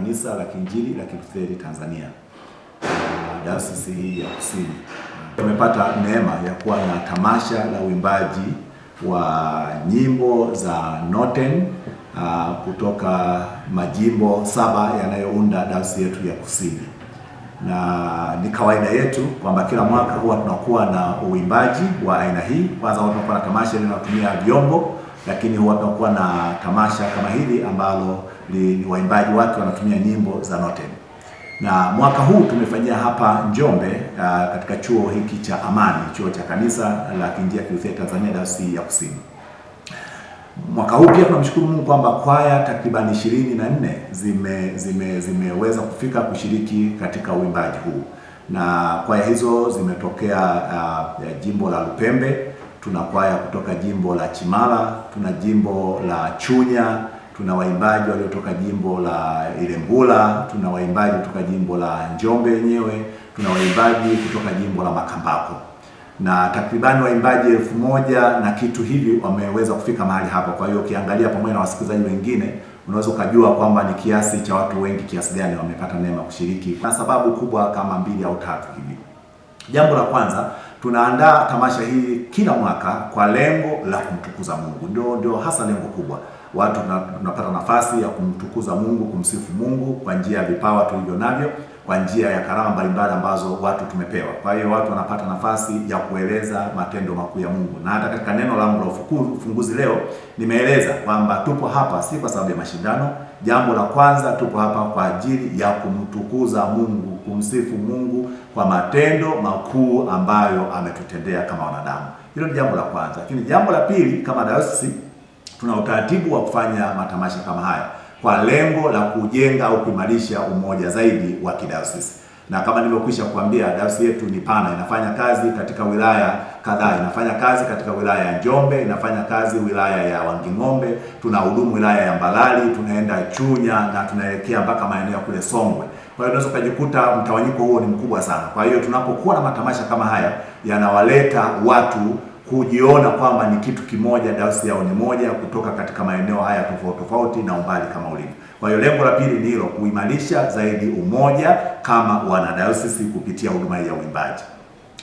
Kanisa la Kiinjili la Kilutheri Tanzania uh, Dayosisi hii ya Kusini. Tumepata neema ya kuwa na tamasha la uimbaji wa nyimbo za noten uh, kutoka majimbo saba yanayounda dayosisi yetu ya Kusini, na ni kawaida yetu kwamba kila mwaka huwa tunakuwa na uimbaji wa aina hii. Kwanza tunakuwa na tamasha linalotumia vyombo lakini watakuwa na tamasha kama hili ambalo ni waimbaji wake wanatumia nyimbo za Northern. Na mwaka huu tumefanyia hapa Njombe uh, katika chuo hiki cha Amani, chuo cha kanisa la Kiinjili ya Kilutheri Tanzania Dayosisi ya Kusini. Mwaka huu pia tunamshukuru Mungu kwamba kwaya takriban ishirini na nne zime, zime, zimeweza kufika kushiriki katika uimbaji huu na kwaya hizo zimetokea uh, jimbo la Lupembe tuna kwaya kutoka jimbo la Chimala, tuna jimbo la Chunya, tuna waimbaji waliotoka jimbo la Ilembula, tuna waimbaji kutoka jimbo la Njombe yenyewe, tuna waimbaji kutoka jimbo la Makambako na takribani waimbaji elfu moja na kitu hivi wameweza kufika mahali hapa. Kwa hiyo ukiangalia pamoja na wasikilizaji wengine, unaweza ukajua kwamba ni kiasi cha watu wengi kiasi gani wamepata neema kushiriki, na sababu kubwa kama mbili au tatu hivi. Jambo la kwanza Tunaandaa tamasha hii kila mwaka kwa lengo la kumtukuza Mungu, ndio ndio hasa lengo kubwa. Watu tunapata nafasi ya kumtukuza Mungu, kumsifu Mungu kwa njia ya vipawa tulivyo navyo kwa njia ya karama mbalimbali ambazo watu tumepewa. Kwa hiyo watu wanapata nafasi ya kueleza matendo makuu ya Mungu, na hata katika neno langu la ufunguzi leo nimeeleza kwamba tupo hapa si kwa sababu ya mashindano. Jambo la kwanza, tupo hapa kwa ajili ya kumtukuza Mungu, kumsifu Mungu kwa matendo makuu ambayo ametutendea kama wanadamu. Hilo ni jambo la kwanza, lakini jambo la pili, kama dayosisi tuna utaratibu wa kufanya matamasha kama haya kwa lengo la kujenga au kuimarisha umoja zaidi wa kidayosisi. Na kama nilivyokwisha kuambia, dayosisi yetu ni pana, inafanya kazi katika wilaya kadhaa, inafanya kazi katika wilaya ya Njombe, inafanya kazi wilaya ya Wanging'ombe, tunahudumu wilaya ya Mbalali, tunaenda Chunya na tunaelekea mpaka maeneo ya kule Songwe. Kwa hiyo unaweza ukajikuta mtawanyiko huo ni mkubwa sana. Kwa hiyo tunapokuwa na matamasha kama haya, yanawaleta watu kujiona kwamba ni kitu kimoja, dawsi yao ni moja, kutoka katika maeneo haya tofauti tofauti na umbali kama ulivyo. Kwa hiyo lengo la pili ni hilo, kuimarisha zaidi umoja kama wanadayosisi kupitia huduma hii ya uimbaji.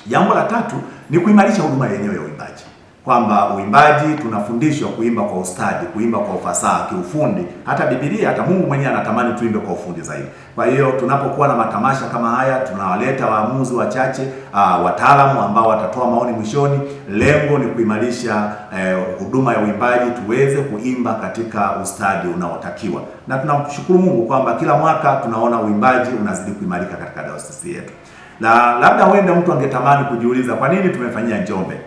Jambo la tatu ni kuimarisha huduma yenyewe ya uimbaji kwamba uimbaji tunafundishwa kuimba kwa ustadi, kuimba kwa ufasaha, kiufundi. Hata Biblia, hata Mungu mwenyewe anatamani tuimbe kwa ufundi zaidi. Kwa hiyo tunapokuwa na matamasha kama haya, tunawaleta waamuzi wachache, uh, wataalamu ambao watatoa maoni mwishoni. Lengo ni kuimarisha eh, huduma uh, ya uimbaji, tuweze kuimba katika ustadi unaotakiwa, na tunamshukuru Mungu kwamba kila mwaka tunaona uimbaji unazidi kuimarika katika dayosisi yetu, na labda huenda mtu angetamani kujiuliza kwa nini tumefanyia Njombe.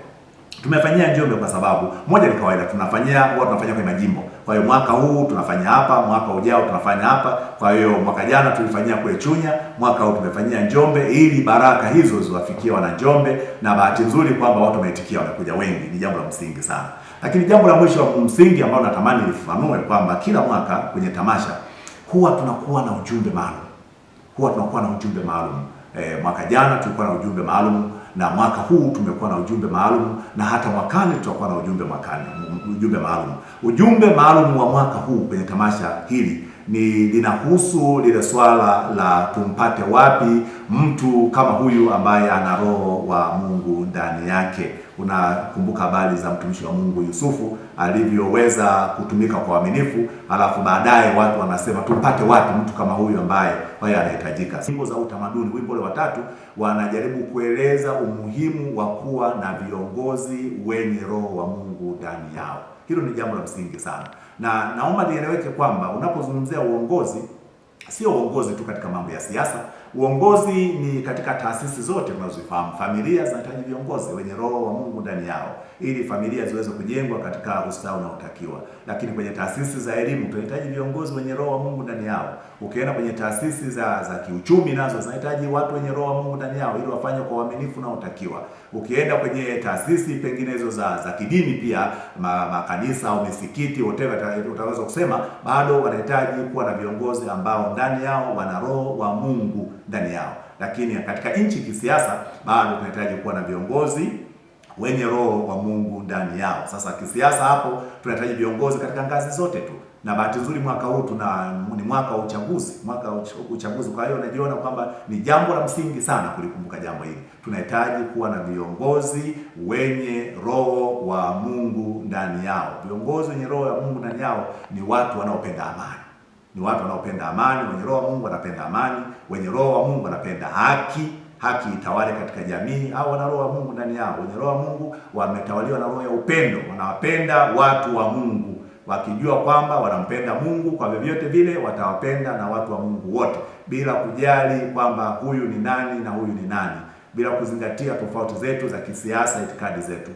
Tumefanyia Njombe kwa sababu moja, ni kawaida tunafanyia huwa tunafanyia kwenye majimbo. Kwa hiyo mwaka huu tunafanya hapa, mwaka ujao tunafanya hapa. Kwa hiyo mwaka jana tulifanyia kule Chunya, mwaka huu tumefanyia Njombe, ili baraka hizo ziwafikie wana Njombe, na bahati nzuri kwamba watu wameitikia, wanakuja wengi, ni jambo la msingi sana. Lakini jambo la mwisho wa msingi ambalo natamani lifafanue kwamba kila mwaka kwenye tamasha huwa tunakuwa na ujumbe maalum, huwa tunakuwa na ujumbe maalum. E, mwaka jana tulikuwa na ujumbe maalum na mwaka huu tumekuwa na ujumbe maalum, na hata mwakani tutakuwa na ujumbe mwakani, ujumbe maalum. Ujumbe maalum wa mwaka huu kwenye tamasha hili ni linahusu lile swala la tumpate wapi mtu kama huyu ambaye ana roho wa Mungu ndani yake unakumbuka habari za mtumishi wa Mungu Yusufu alivyoweza kutumika kwa uaminifu, alafu baadaye watu wanasema tupate wapi mtu kama huyu ambaye wao anahitajika. Nyimbo za utamaduni, wimbo ule watatu, wanajaribu kueleza umuhimu wa kuwa na viongozi wenye roho wa Mungu ndani yao. Hilo ni jambo la msingi sana, na naomba nieleweke kwamba unapozungumzia uongozi, sio uongozi tu katika mambo ya siasa Uongozi ni katika taasisi zote tunazozifahamu. Familia zinahitaji viongozi wenye roho wa Mungu ndani yao ili familia ziweze kujengwa katika ustawi unaotakiwa. Lakini kwenye taasisi za elimu tunahitaji viongozi wenye roho wa Mungu ndani yao. Ukienda kwenye taasisi za za kiuchumi nazo zinahitaji watu wenye roho wa Mungu ndani yao ili wafanye kwa uaminifu unaotakiwa. Ukienda kwenye taasisi penginezo za za kidini pia ma, makanisa au misikiti whatever utaweza kusema bado wanahitaji kuwa na viongozi ambao ndani yao wana roho wa Mungu ndani yao. Lakini katika nchi kisiasa, bado tunahitaji kuwa na viongozi wenye roho wa Mungu ndani yao. Sasa kisiasa hapo tunahitaji viongozi katika ngazi zote tu, na bahati nzuri mwaka huu tuna ni mwaka wa uchaguzi, mwaka wa uchaguzi. Kwa hiyo najiona kwamba ni jambo la msingi sana kulikumbuka jambo hili. Tunahitaji kuwa na viongozi wenye roho wa Mungu ndani yao. Viongozi wenye roho ya Mungu ndani yao ni watu wanaopenda amani ni watu wanaopenda amani. Wenye roho wa Mungu wanapenda amani, wenye roho wa Mungu wanapenda haki, haki itawale katika jamii, au wana roho wa Mungu ndani yao. Wenye roho wa Mungu wametawaliwa na roho ya upendo, wanawapenda watu wa Mungu wakijua kwamba wanampenda Mungu kwa vyovyote vile, watawapenda na watu wa Mungu wote bila kujali kwamba huyu ni nani na huyu ni nani, bila kuzingatia tofauti zetu za kisiasa, itikadi zetu,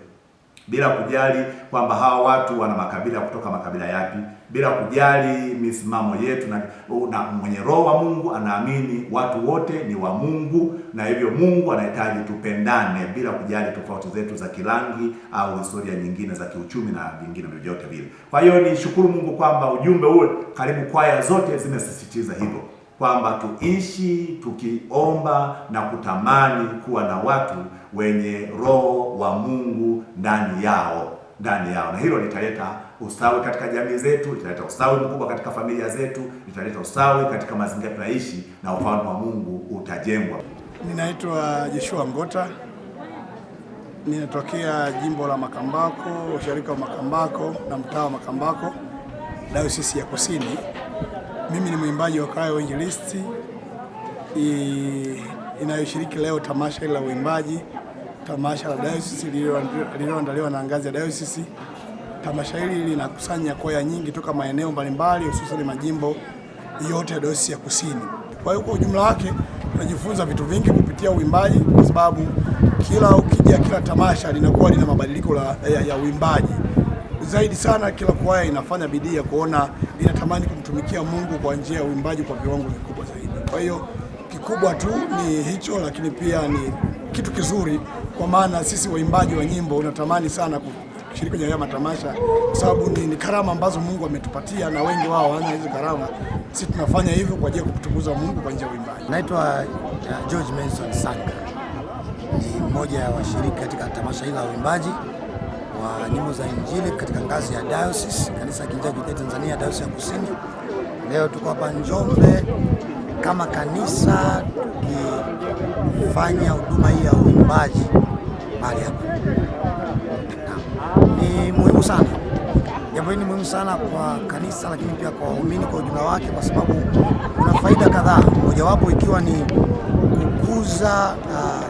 bila kujali kwamba hawa watu wana makabila kutoka makabila yapi bila kujali misimamo yetu na, na mwenye roho wa Mungu anaamini watu wote ni wa Mungu, na hivyo Mungu anahitaji tupendane bila kujali tofauti zetu za kirangi au historia nyingine za kiuchumi na vingine vyovyote vile. Kwa hiyo nishukuru Mungu kwamba ujumbe huu karibu kwaya zote zimesisitiza hivyo kwamba tuishi tukiomba na kutamani kuwa na watu wenye roho wa Mungu ndani yao ndani yao, na hilo litaleta ustawi katika jamii zetu, italeta ustawi mkubwa katika familia zetu, italeta ustawi katika mazingira tunaishi, na ufalme wa Mungu utajengwa. Ninaitwa Joshua Ngota, ninatokea jimbo la Makambako, usharika wa Makambako na mtaa wa Makambako, dayosisi ya Kusini. Mimi ni mwimbaji wa kwaya Wainjilisti inayoshiriki leo tamasha la uimbaji, tamasha la dayosisi lililoandaliwa na ngazi ya dayosisi. Tamasha hili linakusanya kwaya nyingi toka maeneo mbalimbali, hususan majimbo yote ya Dayosisi ya Kusini. Kwa hiyo kwa ujumla wake tunajifunza vitu vingi kupitia uimbaji, kwa sababu kila ukija, kila tamasha linakuwa lina mabadiliko ya, ya uimbaji zaidi sana. Kila kwaya inafanya bidii ya kuona inatamani kumtumikia Mungu kwa njia ya uimbaji kwa viwango vikubwa zaidi. Kwa hiyo kikubwa tu ni hicho, lakini pia ni kitu kizuri, kwa maana sisi waimbaji wa nyimbo unatamani sana kushiriki kwenye haya matamasha, kwa sababu ni, ni karama ambazo Mungu ametupatia na wengi wao hawana hizo karama. Sisi tunafanya hivyo kwa ajili ya kumtukuza Mungu kwa njia ya uimbaji. Naitwa uh, George Mason Sanga, ni mmoja ya wa washiriki katika tamasha hili la uimbaji wa nyimbo za Injili katika ngazi ya diocese, kanisa Kiinjili Tanzania, diocese ya Kusini. Leo tuko hapa Njombe kama kanisa tukifanya huduma hii ya uimbaji mahali sana. Jambo hili ni muhimu sana kwa kanisa, lakini pia kwa waumini kwa ujumla wake, kwa sababu kuna faida kadhaa, mojawapo ikiwa ni kukuza uh,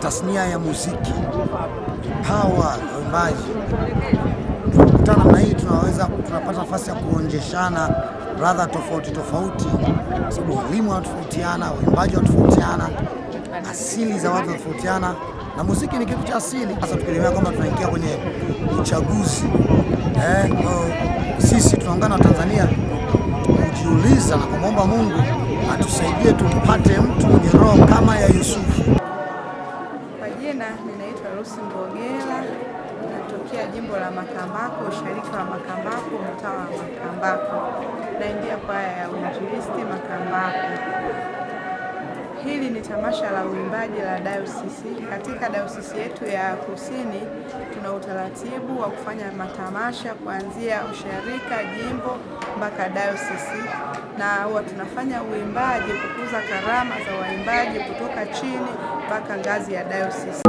tasnia ya muziki, pawa ya uimbaji. Tunakutana na hii, tunaweza tunapata nafasi ya kuonjeshana radha tofauti tofauti, kwa sababu walimu wanatofautiana, waimbaji wanatofautiana, asili za watu wanatofautiana na muziki ni kitu cha asili. Sasa tukielewa kwamba tunaingia kwenye uchaguzi eh, sisi tunaungana na Tanzania kujiuliza na kumwomba Mungu atusaidie tumpate mtu mwenye roho kama ya Yusufu. Kwa jina ninaitwa Rusi Mbogela, natokea jimbo la Makambako, ushirika wa Makambako, mtaa wa Makambako, naingia kwaya ya Uinjilisti Makambako. Hili ni tamasha la uimbaji la dayosisi. Katika dayosisi yetu ya Kusini tuna utaratibu wa kufanya matamasha kuanzia usharika, jimbo mpaka dayosisi, na huwa tunafanya uimbaji kukuza karama za waimbaji kutoka chini mpaka ngazi ya dayosisi.